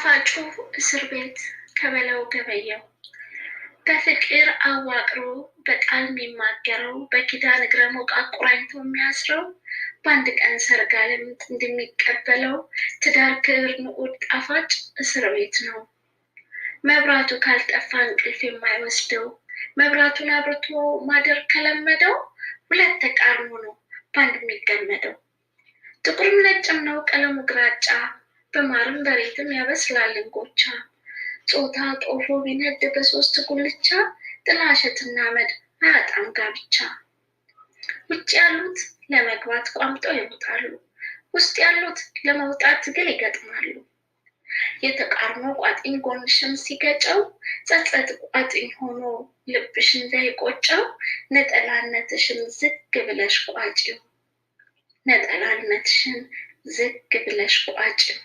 ጣፋጩ እስር ቤት ከበለው ገበየው በፍቅር አዋቅሮ በቃል የሚማገረው በኪዳን እግረ ሞቅ አቆራኝቶ የሚያስረው በአንድ ቀን ሰርግ ዓለምት እንደሚቀበለው ትዳር ክብር ንዑድ ጣፋጭ እስር ቤት ነው። መብራቱ ካልጠፋ እንቅልፍ የማይወስደው መብራቱን አብርቶ ማደር ከለመደው ሁለት ተቃርኖ ነው በአንድ የሚገመደው። ጥቁርም ነጭም ነው ቀለሙ ግራጫ በማርም በሬትም ያበስላል እንጎቻ። ጾታ ጦፎ ቢነድ በሶስት ጉልቻ፣ ጥላሸትና መድ አያጣም ጋብቻ። ውጭ ያሉት ለመግባት ቋምጠው ይወጣሉ፣ ውስጥ ያሉት ለመውጣት ትግል ይገጥማሉ። የተቃርኖ ቋጥኝ ጎንሽን ሲገጨው፣ ጸጸት ቋጥኝ ሆኖ ልብሽ እንዳይቆጨው፣ ነጠላነትሽን ዝግ ብለሽ ቋጭው፣ ነጠላነትሽን ዝግ ብለሽ ቋጭው።